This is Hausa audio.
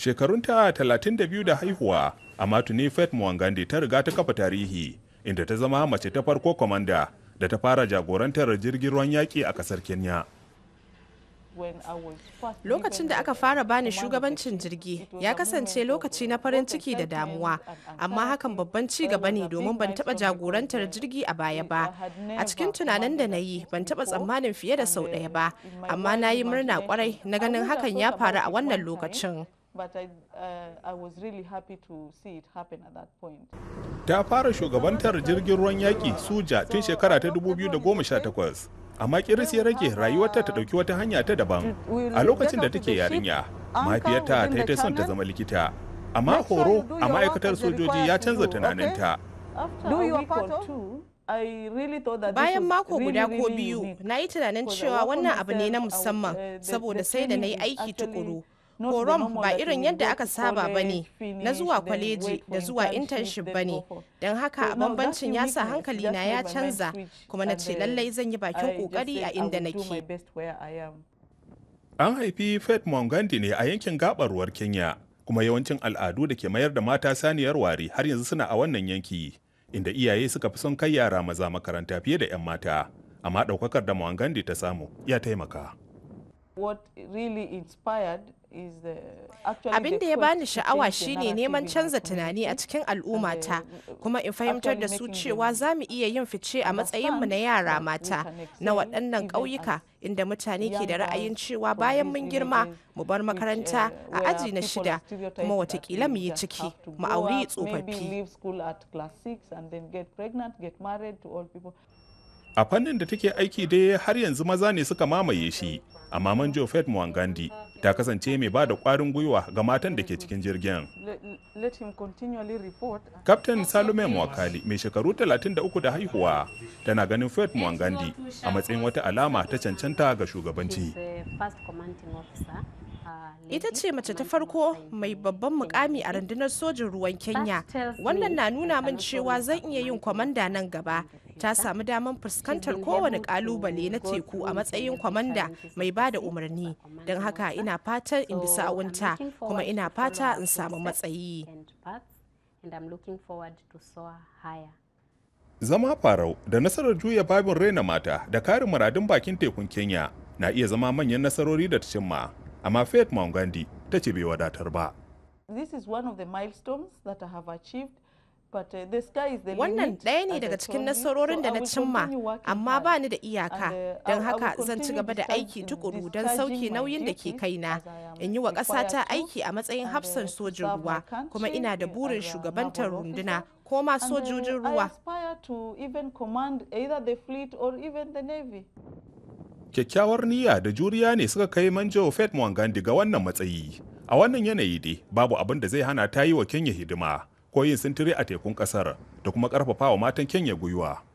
shekarun ta 32 da haihuwa amma tuni fet muwangandi ta riga ta kafa tarihi inda ta zama mace ta farko kwamanda da ta fara jagorantar jirgin ruwan yaƙi a kasar kenya Lokacin da aka fara bani shugabancin jirgi ya kasance lokaci na farin ciki da damuwa, amma hakan babban ci gaba ne domin ban taba jagorantar jirgi a baya ba. A cikin tunanin da na yi ban taba tsammanin fiye da sau ɗaya ba, amma na yi murna kwarai na ganin hakan ya faru a wannan lokacin. but I, uh, I was really happy to see it happen at that point. Ta fara shugabantar jirgin ruwan yaƙi Suja tun shekara ta 2018, uh, amma kiris ya rage rayuwarta ta uh, ɗauki wata hanya ta daban a lokacin da take yarinya. mafiyarta ta yi ta son ta zama likita, amma horo a ma'aikatar sojoji ya canza tunaninta. Bayan mako guda ko biyu, na yi tunanin cewa wannan abu ne na musamman uh, saboda sai da na yi aiki tukuru. horon ba irin yadda aka saba ba ne na zuwa kwaleji da zuwa internship ba ne don haka bambancin ya sa hankali na ya canza kuma na ce lallai zan yi bakin kokari a inda nake an haifi fred mongandi ne a yankin gabarwar kenya kuma yawancin al'adu da ke mayar da mata saniyar ware har yanzu suna a wannan yanki inda iyaye suka fi son kai yara maza makaranta fiye da 'yan mata amma ɗaukakar da mongandi ta samu ya taimaka what really inspired Abin da ya bani sha'awa shine neman canza tunani a cikin uh, al'ummata kuma in fahimtar da su cewa za mu iya yin fice a matsayinmu na yara mata na waɗannan ƙauyuka inda mutane ke da ra'ayin cewa bayan mun girma mu bar makaranta uh, a aji na shida kuma watakila mu yi ciki mu auri tsofaffi. a fannin da take aiki dai har yanzu maza ne suka mamaye shi amma manjo fed mwangandi ta kasance mai ba da kwarin gwiwa ga matan da ke cikin jirgin Kaftin salome mwakali mai shekaru 33 da haihuwa tana ganin fed mwangandi a matsayin wata alama ta cancanta ga shugabanci uh, ita ce mace ta farko mai babban mukami a rundunar sojin ruwan kenya wannan na nuna min cewa zan iya yin kwamanda nan gaba ta samu damar fuskantar kowane kalubale na teku a matsayin kwamanda mai ba da umarni don haka ina fata in bi sawunta kuma ina fata in samu matsayi zama farau da nasarar juya babin raina mata da karin muradun bakin tekun kenya na iya zama manyan nasarori da ta cimma amma faith mongandi ta ce bai wadatar ba this is one of the milestones that i have achieved Uh, wannan ɗaya ne daga cikin nasarorin da na cimma, amma ba ni da iyaka, uh, don haka zan ci gaba da aiki tukuru don sauke nauyin da ke kaina. In yi wa ƙasata aiki a matsayin uh, hafsan sojin ruwa, kuma ina da burin shugabantar runduna ko ma sojojin ruwa. Kyakkyawar niyya da juriya ne suka kai Manjo Fet Mwangandi daga wannan matsayi. A wannan yanayi dai babu abin da zai hana ta yi wa Kenya hidima. koyin sintiri a tekun kasar da kuma karfafawa matan kenya gwiwa